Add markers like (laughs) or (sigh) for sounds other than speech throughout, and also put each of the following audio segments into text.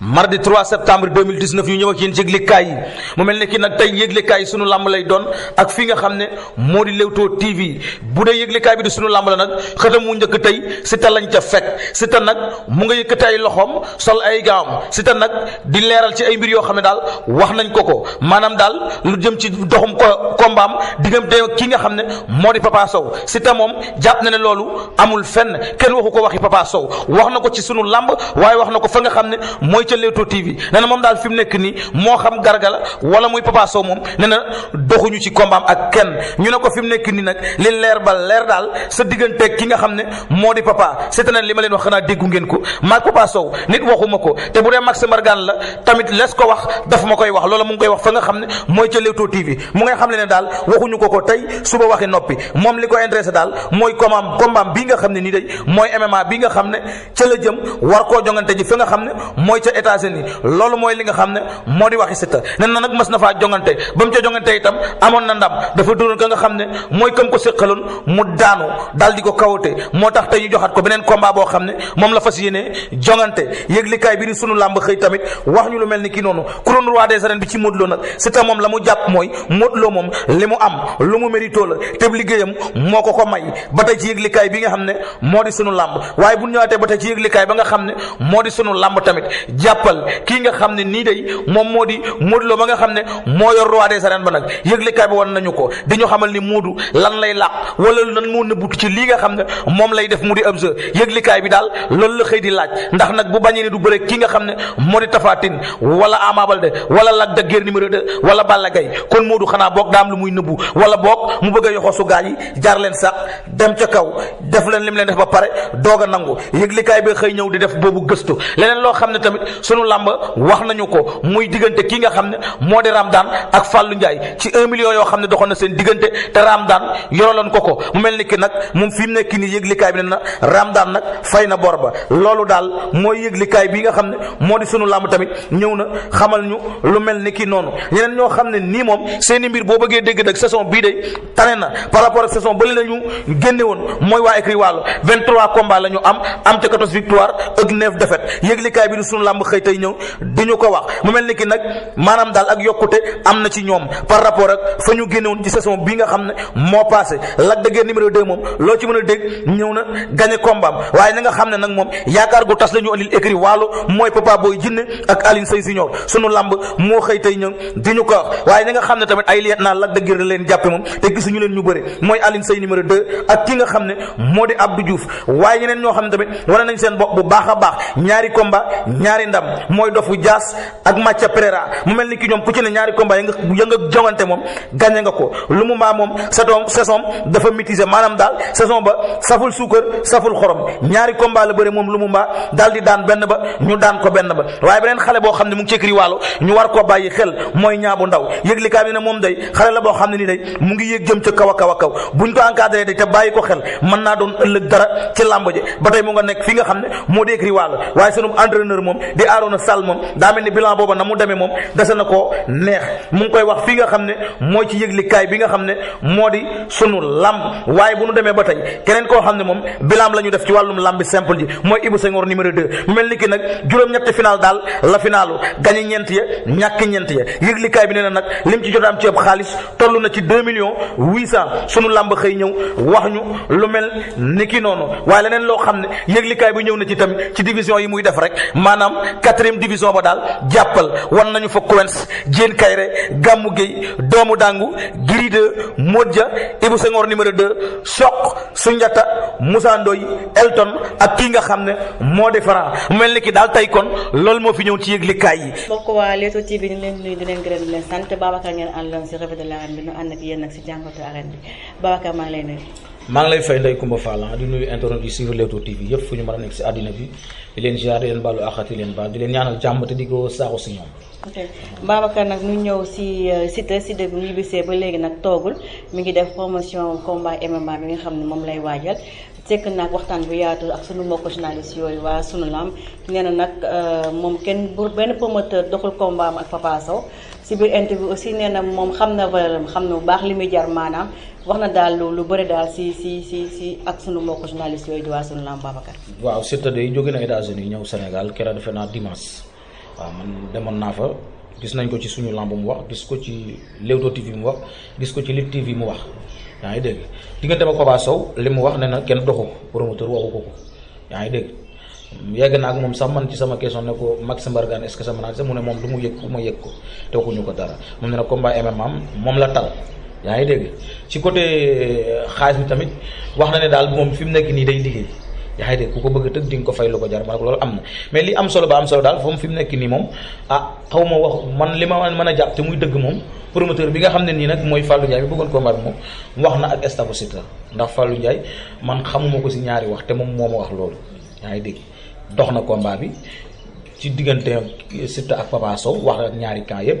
mardi 3 septembre 2019 ñu ñëw ak yéen ci yëglikaay yi mu mel ne ki nag tey yëglikaay yi sunu làmb lay doon ak fi nga xam ne moo di Leewtoo TV bu dee yëglikaay bi di sunu làmb la nag xëtam mu njëkk tey Siteu lañ ca fekk Siteu nag mu nga yëkkati ay loxoom sol ay gaawam Siteu nag di leeral ci ay mbir yoo xam ne daal wax nañ ko ko maanaam daal lu jëm ci doxum ko kombaam de ki nga xam ne moo di Papa Sow Siteu moom jàpp na ne loolu amul fenn kenn waxu ko waxi Papa Sow wax na ko ci sunu làmb waaye wax ca Leewtoo TV nee moom daal fi mu nekk nii moo xam Garga la wala muy Papa Sow moom nee na doxuñu ci combat ak kenn ñu ne ko fi mu nekk nii nag li leer ba leer daal sa digganteeg ki nga xam ne moo di Papa seet na li ma leen wax xanaa déggu ngeen ko maag Papa Sow nit waxuma ko te bu dee Max Mbargane la tamit les ko wax daf ma koy wax loola mu ngi koy wax fa nga xam ne mooy ca Leewtoo TV mu ngay xam ne ne daal waxuñu ko ko tey suba waxi noppi moom li ko intéressé daal mooy combat combat bi nga xam ne nii day mooy MMA bi nga xam ne ca la jëm war koo jongante ji fi nga xam ne mooy ca États-Unis loolu mooy li nga xam ne moo di waxi Siteu nee na nag mas na faa jongante ba mu ca jongante itam amoon na ndam dafa dóoroon ka nga xam ne mooy kam ko séqaloon mu daanu daal ko kawate moo tax tey ñu ko beneen combat boo xam ne moom la fas yéenee jongante bi ni sunu làmb xëy tamit wax ñu lu mel ni ki noonu couronne roi des arènes bi ci Modou Lo nag mu jàpp mooy Modou Lo moom li mu am lu mu mérito la te liggéeyam moo ko ko may ba tey ci yëglikaay bi nga xam ne moo di sunu làmb waaye bu ñëwaatee ba tey ci yëglikaay ba nga xam ne moo di sunu làmb tamit jàppal kii nga xam ne nii day moom moo di Modou Lo ba nga xam ne moo yor roi des arènes ba nag yëglekaay bi wan nañu ko di ñu xamal ni Modou lan lay làq wala lan moo nëbbutu ci lii nga xam ne moom lay def mu di am sa yëglekaay bi daal loolu la xëy di laaj ndax nag bu bañee ne du bëre kii nga xam ne moo di Tapha Tine wala Ama Baldé wala Lac de Guiers numéro 2 wala Balla Gaye kon Modou xanaa boog daam lu muy nëbbu wala boog mu bëgg a su gaa yi jaar leen sax dem ca kaw def leen lim leen def ba pare doog a nangu yëglekaay bi xëy ñëw di def boobu sunu làmb wax nañu ko muy diggante kii nga xam ne moo di Ramdan ak Fallou njaay ci un million yoo xam ne doxoon na seen diggante te Ramdan yoroloon ko ko mu mel ni ki nag moom fi mu nekk nii yëglikaay bi ne na Ramdan nag fay na bor ba loolu daal mooy yëglikaay bi nga xam ne moo di sunu làmb tamit ñëw na xamal ñu lu mel ni kii noonu ñeneen ñoo xam ne nii moom seen i mbir boo bëggee dégg nag saison bii de tane na par rapport ak saison bële la ñu génne woon mooy waa écrit wàllu 23 combats la ñu am am ca 14 victoire ak 9 défaites yëglikaay bi xëy tey ñëw di ñu ko wax mu mel ni ki nag maanaam daal ak yokkute am na ci ñoom par rapport ak fa ñu génnewoon ci saison bi nga xam ne moo passé Lac de Guiers numéro 2 moom loo ci mën a dégg ñëw na gagné combat am waaye ñi nga xam ne nag moom yaakaar gu tas la ñu andil écrit wàllu mooy Papa Boy Djiné ak Alioune Sèye Junior sunu làmb moo xëy tey ñëw di ñu ko wax waaye ñi nga xam ne tamit ay liet naa Lac de Guiers leen jàppe moom te gisuñu leen ñu bëri mooy Alioune Sèye numéro 2 ak ki nga xam ne moo di Abdou Diouf waaye ñeneen ñoo xam a baax ñaari combat ñaari ndam mooy dofu jaas ak Macha Pereira mu mel ni ki ñoom ku ci ne ñaari combat ya nga ya nga jongante moom gagné nga ko lu mu maa moom saison saison dafa mitisé maanaam daal saison ba saful suukar saful xorom ñaari combat la bëre moom lu mu maa daal di daan benn ba ñu daan ko benn ba waaye beneen xale boo xam ne mu ngi ci écurie Waalo ñu war ko bàyyi xel mooy ñaabu ndaw yëgli kaay bi ne moom day xale la boo xam ne ni day mu ngi yéeg jëm ca kaw a kaw a kaw buñ ko encadré day te bàyyi ko xel naa doon ëllëg dara ba tey mu nga nekk nga xam ne moo di écurie Waalo moom di Arouna Sall moom daa mel ni bilan booba na mu demee moom dese na ko neex mu ngi koy wax fii nga xam ne mooy ci yëglikaay bi nga xam ne moo di sunu lamb waaye bu nu demee ba tey keneen koo xam ne moom bilan la ñu def ci wàllum lamb bi simple ji mooy Ibou Senghor numéro 2 mu mel ni ki nag juróom-ñetti final daal la finaalu gagné ñeent ya ñàkk ñeent ya yëglikaay bi nee na nag lim ci jot am ci ab xaalis toll na ci 2 millions 800 sunu lamb xëy ñëw wax ñu lu mel ni ki noonu waaye leneen loo xam ne yëglikaay bi ñëw na ci tamit ci division yi muy def rek maanaam quatrième division ba daal jàppal wan nañu fa Coens Diène Kayré gàmmu Gueye doomu dàngu Giri de Modja Ibou Senghor numéro 2 Soq Sunjata Moussa Ndoy Elton ak kii nga xam ne moo defara mel ni ki daal tey kon loolu moo fi ñëw ci yëglikaay yi. mbokk waa Leewtoo TV ñu leen nuyu di leen gërëm di leen sant Babacar ngeen àndoon si revue de l'arène bi ñu ànd ak yéen nag si jàngatu arène bi Babacar maa ngi maa lay fay Ndeye Coumba Fall ah, di nuyu internet yi suivre Leewtoo TV yëpp fu ñu mën nekk si àddina bi di leen ziar di leen baalu àqati leen baal di leen ñaanal jàmm te di ko saaxu si ñoom. ok Babacar nag ñu ñëw si Siteu Siteu bi mu ñibbisee ba léegi nag toogul mi ngi def promotion combat MMA bi nga xam ne moom lay waajal sekk naag waxtaan bu yaatu ak sunu mbokku journaliste yooyu waa sunu lamb nee na nag euh, moom kenn bu benn promoteur doxul combat ak Papa si biir interview aussi nee na moom xam na valeur xam na bu baax li muy jar maanaam wax na daal lu lu daal si si si si ak sunu mbokku journaliste yooyu di waa sunu lamb waaw Siteu day jóge na États-Unis ñëw Sénégal keroog defe naa waaw man demoon naa fa gis nañ ko ci suñu lamb mu wax gis ko ci Leewtoo TV mu wax gis ko ci Lutte TV mu wax yaa ngi dégg diggante ma Papa Sow li mu wax ne na kenn doxu ko promoteur waxu ko ko yaa ngi dégg yegg naa ak moom sax man ci sama question ne ko Max Mbargane est-ce que sama naa mu ne moom lu mu yëg ku ma yëg ko te waxuñu ko dara moom ne na combat MMA moom la tal yaa ngi dégg ci côté euh, xaalis bi tamit wax na ne daal moom fi mu nekk nii day liggéey yaa ngi dégg ku ko bëgg a tëgg di nga ko fay lu ko jar ma ne loolu am na mais li am solo ba am solo daal foofu fi mu nekk nii moom ah xaw ma wax man li ma mën a jàpp te muy dëgg moom promoteur bi nga xam ne nii nag mooy Fallou Ndiaye bi bëggoon combat bi moom wax na ak staff Siteu ndax Fallou Ndiaye man xamuma ko si ñaari wax te moom moo ma wax loolu yaa ngi dégg dox na combat bi ci diggante Siteu ak Papa Sow wax ak ñaari camp yëpp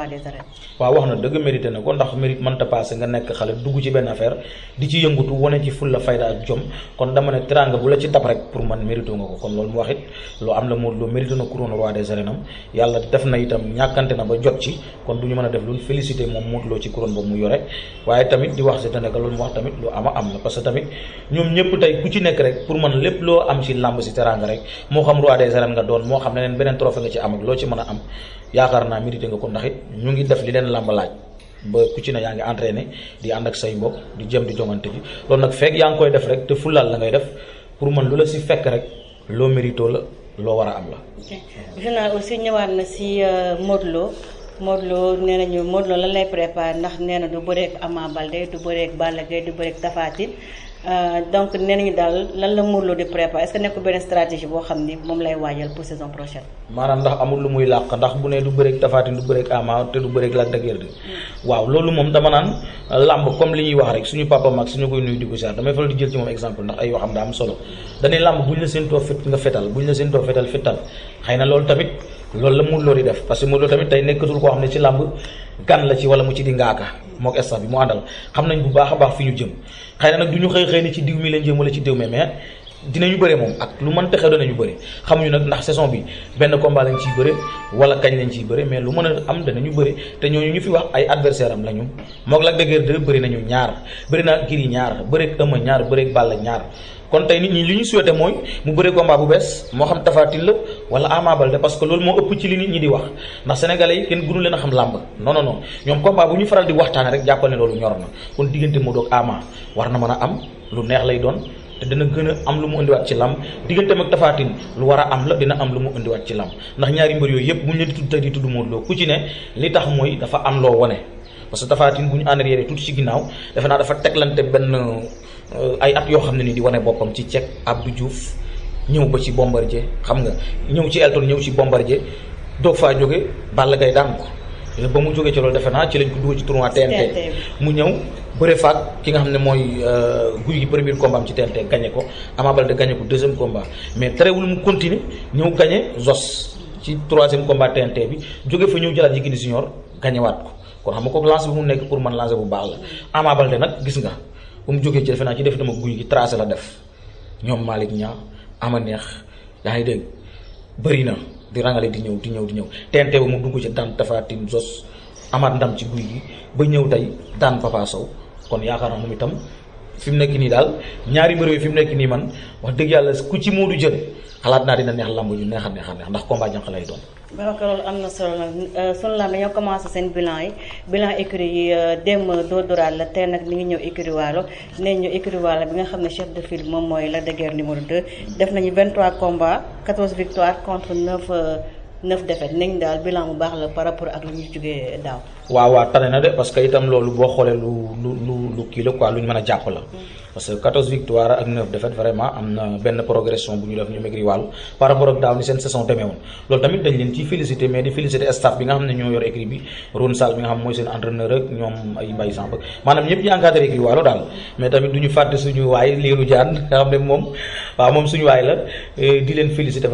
roi des wax na dëgg mérité na ko ndax mérite mënta passé nga nekk xale dugg ci benn affaire di ci yëngutu wane ci fulla fayda ak jom kon dama ne teraanga bu la ci tab rek pour man mérité nga ko kon loolu mu wax it lu na couronne roi des arènes yàlla def na itam ñàkkante na ba jot ci kon du ñu mën a def lu félicité moom mootloo ci couronne boobu mu yore waaye tamit di wax si dana loolu mu wax tamit lu ama am la parce tamit ñoom ñëpp tey ku ci nekk rek pour man moo xam roi des moo xam ne beneen trophée loo am yaakaar naa mérité nga ko ndax it ñu ngi def li leen làmb ba ku ci ne yaa ngi entraîné di ànd ak say mbokk di jëm di jongante ji loolu nag fekk yaa ngi koy def rek te fulaal la ngay def pour man lu la si fekk rek loo mérito la loo war a am la. journal aussi ñëwaat na si euh, Modou Lo Modou Lo nee nañu Modou Lo lan lay préparé ndax nee na du bëreeg Ama Baldé du bëreeg Balla Gaye du bëreeg Tapha Tine Euh, donc nee nañu daal lan la Modou Lo di préparé est-ce que nekkul benn stratégie boo xam ne moom lay waajal pour saison prochaine. maanaam ndax amul lu muy làq ndax bu ne du bëreeg Tapha Tine du bëreeg Ama te du bëreeg Lac de Guiers de hmm. waaw loolu moom dama naan làmb comme li ñuy wax rek suñu papa mag suñu koy nuyu di ko jaar damay faral di jël ci moom exemple ndax ay waxam daa am solo dañuy làmb buñ la seen too fet nga fetal buñ la seen too fetal xëy na loolu tamit loolu la Modou Lo def parce que Modou Lo tamit tey nekkatul koo xam ne ci wala mu ci di moog staff bi mu àndal xam nañ bu baax a baax fi ñu jëm xëy na nag du ñu xëy xëy ni ci diw mi lañ jëm wala ci diw mi mais dina ñu bëre moom ak lu mënta xew ñu bëre xamuñu nag ndax saison bi benn combat lañ ciy bëre wala kañ lañ ciy bëre mais lu mën a am dana ñu bëre te ñooñu ñu fi wax ay adversaire am lañu moog Lac de Guiers a bëri nañu ñaar bëri na Gris ñaar bëri Eumeu ñaar bëri Balla ñaar kon tey nit ñi li ñu souhaité mooy mu bëre combat bu bees moo xam Tapha Tine la wala Ama Baldé parce que loolu moo ëpp ci li nit ñi di wax ndax sénégalais yi kenn gënu leen a xam làmb non non non ñoom combat bu ñu faral di waxtaane rek jàppal ne loolu ñor na kon diggante Modou ak war na mën a am lu lay doon te dina gën a am lu mu indiwaat ci lam digganteem ak Tapha Tine lu war a am la dina am lu mu indiwaat ci lam ndax ñaari mbër yooyu yëpp mu ñu leen tudd tey di tudd Modou Lo ku ci ne li tax mooy dafa am loo wane parce que Tapha Tine bu ñu en arrière tuuti ci ginnaaw defe naa dafa teglante benn euh, ay at yoo xam ne nii di wane boppam ci ab Abdou Diouf ñëw ba ci Bombardier xam nga ñëw ci Elton ñëw ci Bombardier doog faa jóge Balla gay daan ko ba mu jógee ci loolu defe naa ci lañ ko dugal ci tournoi TNT mu ñëw bëre faak ki nga xam ne mooy euh, guy gi premier combat am ci TNT gagné ko Ama Baldé gagné ko deuxième combat mais tere wul mu continuer ñëw gagné Zos ci troisième combat TNT bi jóge fa ñëw jëlaat Yékini Junior gagné waat ko kon xam nga ko lancé bu mu nekk pour man lancé bu baax la Ama Baldé nag gis nga bu mu jógee ci defe naa ci def dama guy gi tracé la def ñoom Malick ñaa ama neex yaa ngi dégg na di ran rangale di ñëw di ñëw di ñëw TNT ba mu dugg ci daan Tapha Tine Zoss amaat ndam ci guy gi ba ñëw tey daan Papa Sow kon yaakaar na moom itam fi mu nekk nii daal ñaari mbër yooyu fi mu nekk nii man wax dëgg yàlla ku ci moo Modou jël xalaat naa dina neex lamb yu neex a neex a neex ndax combat jànq lay doon. baraka loolu am na solo la euh, sunu lamb dañoo commencé seen bilan yi bilan écurie yi dem euh, doo doraat la tey nag mi ngi ñëw écurie Waalo nee ñu écurie Waalo bi nga xam ne chef de file moom mooy Lac de Guiers numéro 2. def nañu 23 combats 14 victoires contre 9 9 euh, défaites nañ daal bilan bu baax la par rapport ak lu ñu jógee daaw. waaw waaw tane na de parce que itam loolu boo xoolee lu lu lu lu kii la quoi lu ñu mën a jàpp la. parce que victoire ak 9 défaite vraiment am na benn progression bu ñu def ñu maigri wàllu par rapport ak daaw ni seen saison demee loolu tamit dañ leen ciy félicité mais di ñoo yor écrit bi Ron bi nga xam mooy seen entraîneur ak ñoom ay Mbaye wàllu daal mais tamit du ñu suñu waay Lirou Diane nga xam ne moom waaw moom suñu waay la eh, di leen félicité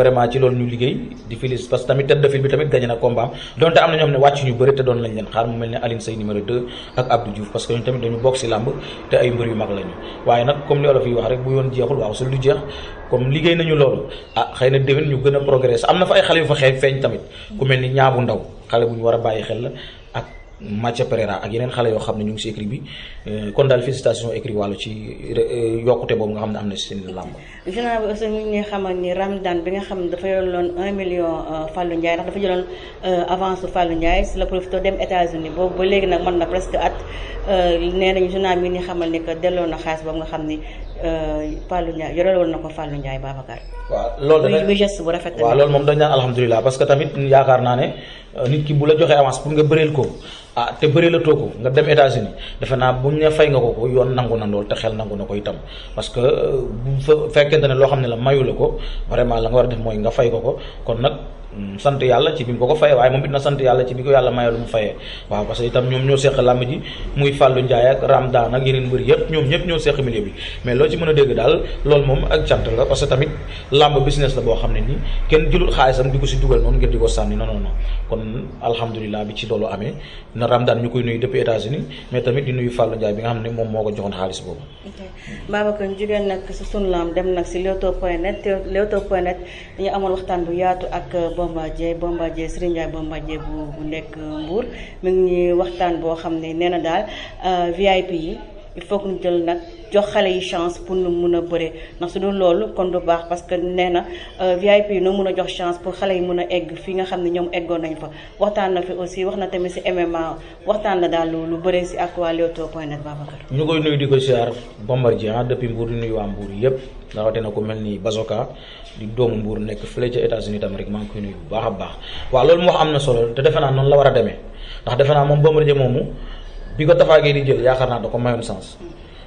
jaar mu mel ne Alioune Seye numéro 2 ak Abdou Diouf parce que ñun tamit dañu bokk ci làmb te ay mbër yu mag lañu waaye nag comme li olof yi wax rek bu yoon jeexul waaw su lu jeex comme liggéey nañu loolu ah xëy na déwén ñu gën a progresser am na fa ay xale yu fa xeeñ feeñ tamit ku mel ni ñaabu ndaw xale bu ñu war a bàyyi xel la Mathia Pereira ak yeneen xale yoo xam ne ñu ngi si écrit bi euh, kon daal félicitation écrit wàllu ci euh, yokkute boobu nga xam ne am na si seen làmb. journal bi aussi mu ngi xamal ni Ramdan bi nga xam ne dafa yoroon 1 million euh, Fallou Ndiaye ndax dafa jëloon avance su Fallou si la profité dem États-Unis boobu ba léegi nag mën na presque at nee nañu journal mi ni xamal ni que delloo na xaalis boobu nga xam ni. Euh, Fallou Ndiaye yore woon na ko Fallou Ndiaye Babacar. waaw loolu dafay muy geste bu rafet. waaw loolu moom dañ naan alhamdulilah parce que tamit yaakaar naa ne euh, nit ki bu la joxee avance pour nga bëreel ko ah te bëreelatoo ko nga dem États-Unis defe naa bu ñu ne nga ko ko yoon nangu na lool te xel nangu na ko itam parce que euh, bu fekkente ne loo xam ne la mayu la ko vraiment la nga war a def mooy nga fay ko ko kon nag. Mm, sant yàlla ci bi mu ko ko fayee waaye moom it na sant yàlla ci bi ko yàlla mayee lu mu fayee waaw parce que itam ñoom ñoo seq làmb ji muy Fallou Ndiaye ak Ramdan ak yeneen mbër yëpp ñoom ñëpp ñoo a tamit di ko si dugal bi nga xam ne moom moo ko joxoon xaalis boobu. Babacar jugeen nag si sunu làmb dem nag si Leewtoo point dañu amoon waxtaan bu yaatu ak euh, Bombardier Bombardier Serigne Ndiaye Bombardier bu bu nekk Mbour mu ngi waxtaan boo xam ne nee na daal euh, VIP yi. il faut que ñu jël nag jox xale yi chance pour ñu mun a bëre ndax su dul loolu kon du baax parce que nee na euh, VIP yi noo mun a jox chance pour xale yi mun a egg fi nga xam ne ñoom eggoon nañ fa waxtaan na fi aussi wax na tamit si MMA waxtaan na daal lu bëre si ak waa Leewtoo point net Babacar. ñu koy nuyu di ko siyaar Bombardier ah, depuis Mbour di nuyu waa Mbour yëpp rawatina ko mel ni Bazoka di doomu mbuur nekk fële ca États-Unis tam rek maa bu baax a baax waaw loolu mu wax am na solo te defe naa noonu la war a demee bi ko tafaagee di jël yaakaar naa da ko mayoon sens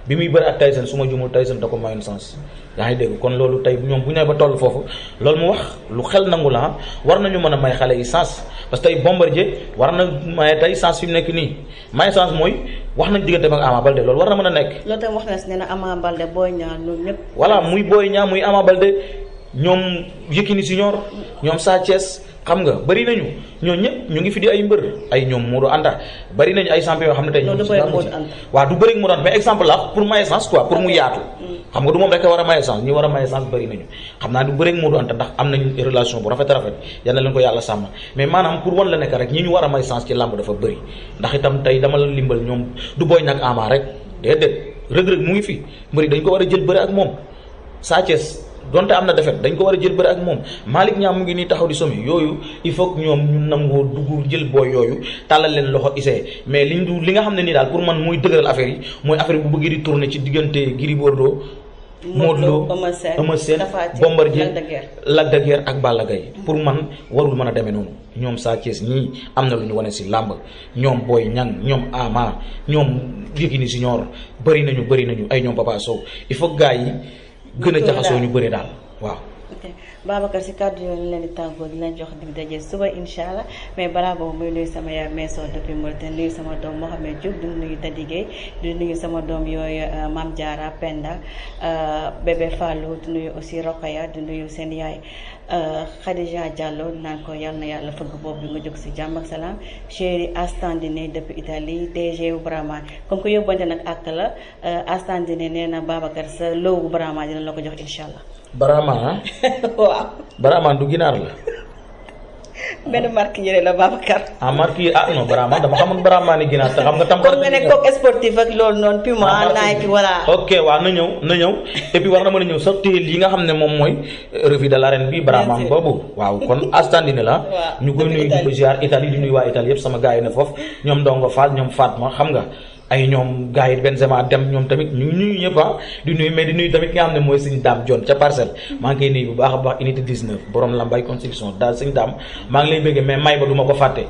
bi muy bëri ak Tyson su ma jumul Tyson da ko mayoon sens yaa ngi dégg kon loolu tey ñoom bu ñu ba toll foofu loolu mu wax lu xel nangu la war nañu mën a may xale yi sens parce que tey Bombardier war na maye tey sens fi nekk nii maye sens mooy wax nañ diggante ak Ama Balde loolu war na mën a nekk. loolu tamit wax na si ne Ama Balde Boy Niang ñoom ñëpp. voilà muy Boy Niang muy Ama Balde. ñoom Yékini Senior ñoom Sa Thiès xam nga bëri nañu ñoo ñëpp ñu ngi fi di ay mbër ay ñoom Modou Anta bëri nañu ay champion yoo xam ne tey waaw du bëri Modou Anta mais exemple la pour maye chance quoi pour mu yaatu mm. xam nga du moom rek a war a a maye chance bëri nañu xam naa du bëri Modou Anta ndax am nañ relation bu rafet rafet yal na leen ko yàlla sàmm mais maanaam pour wan la nekk rek ñi ñu war a may chance ci làmb dafa bëri ndax itam tey dama la limbal ñoom du booy nag ama rek déedéet rëg-rëg mu ngi fi mbëri dañ ko war a jël bari ak moom Sa donte am na defet dañ ko war a jël bari ak moom Malick Niang mu ngi nii taxaw di somi yooyu il faut que ñoom ñu nangoo dugg jël booy yooyu tàllal leen loxo ise mais liñ du li nga xam ne nii daal pour man mooy dëgëral affaire yi mooy affaire bu bëggee di tourner ci diggante Gris Bordeaux Modou Lo Eumeu Sène Bombardier Lac de Guiers ak Balla Gaye pour man warul mën a demee noonu ñoom Sa Thiès ñii am na lu ñu wane si làmb ñoom Boy ñan ñoom Ama ñoom Yékini Junior bëri nañu bëri nañu ay ñoom Papa Sow il yi gën a jaxasoo ñu bëri daal waaw. Babacar si kàddu yooyu ñu leen di tàggoo di leen jox di daje suba incha mais balaa boobu muy nuyu sama yaay Meso depuis Mauritanie nuyu sama doom Mohamed Diouf di nuyu Tadi Gueye di nuyu sama doom yooyu euh, Mame Diarra Penda euh, bébé Fallou di nuyu aussi Rokhaya di nuyu seen yaay euh, Khadija Diallo naan ko yal yàlla fëgg boobu bi nga jóg si jàmm ak salaam chéri Astandine depuis Italie DG wu Brahma comme que yóbbante nag àkk la Astandine nee na Babacar sa loowu Brahma la ko jox incha allah. Baraamaan (laughs) waaw. Baraamaan du ginaar la. benn marque yële la Babacar. ah marque yi ah non Baraamaan dama xamul Baraamaan ni ginaar te xam nga. tam comme nga ne kooku sportif ak loolu noonu. Ah, ah, ok waaw na ñëw na ñëw (laughs) et puis war na mën ñëw sax téel lii nga xam ne moom mooy euh, revue de l'arène bi Baraamaan boobu. waaw kon astandi (laughs) astandine la. ñu koy nuyu di ko ziar Italie di nuyu waa Italie yëpp sama gars yi ne foofu ñoom Dongo Fall ñoom faat Fatma xam nga. ay ñoom gars yi Benzema dem ñoom tamit ñu nuyu ñëpp ah di nuyu mais di nuyu tamit ki nga xam ne mooy sëñ daam John ca parcelle maa ngi koy nuyu bu baax a baax unité 19 borom lambay maa ngi lay bëggee mais may ba ma ko fàtte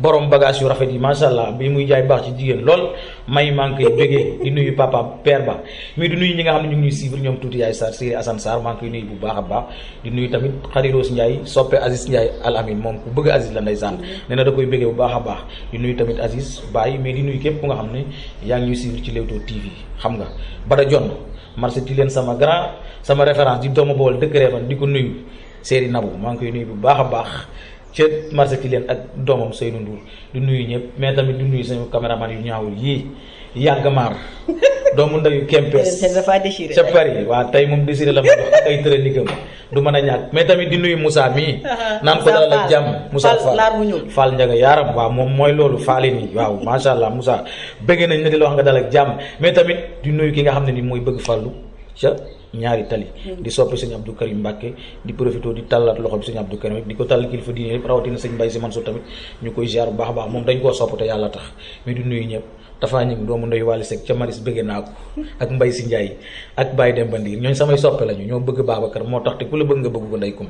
borom bagage yu rafet yi macha allah bi muy jaay baax ci jigéen lool may maa ngi koy bëggee di nuyu papa père ba mais di ñi nga xam ne ñu ñoom tuuti yaay bu baax a baax di nuyu tamit xariroos Ndiaye soppe Aziz Ndiaye Al moom ku bëgg Aziz la ndeysaan nee na da koy bëggee bu baax a baax di nuyu tamit Aziz Baye mais di nuyu képp ku nga xam ne yaa ngi ñuy suivre ci Leewtoo TV xam nga ba Dione marché ti leen sama grand sama référence di doomu bool dëkk Réfane di ko nuyu Seri Nabou maa ngi koy nuyu bu baax a baax ca marché ti leen ak doomam Seydou Ndour du nuyu ñëpp mais tamit du nuyu sama caméraman yu ñaawul yii yàgg maar (laughs) doomu ndeyu yu dafa déchiré ca Paris waaw tey moom déchiré la ma dox ak ay tërënikam du mën a ñaat mais tamit di nuyu Moussa mii. (laughs) Ah, ah. naan ko daal ak jàmm Moussa faal Fall yaaram waa moom mooy loolu faali nii waaw macha allah musa bëgg nañ ne di la wax nga daal jàmm mais tamit di nuyu ki nga xam ne nii mooy bëgg fàllu ca ñaari tali di soppi sëñ Abdou Karim Mbàkke di profité di tàllaat loxo bi sëñ Abdou Karim yëpp di ko tàll kilifa diine yëpp rawatina sëñ Mbaye Sy Mansour tamit ñu koy ziar baax a baax moom dañ koo sopp te yàlla tax mi du nuyu ñëpp dafaa ñu doomu ndoy Wally Seck ca maris bëgg naa ko ak Mbaye Sy Ndiaye ak Baye Demba Ndiir ñooñ samay soppe lañu ñoo bëgg Babacar moo tax te ku la bëgg nga bëgg ko ndey kum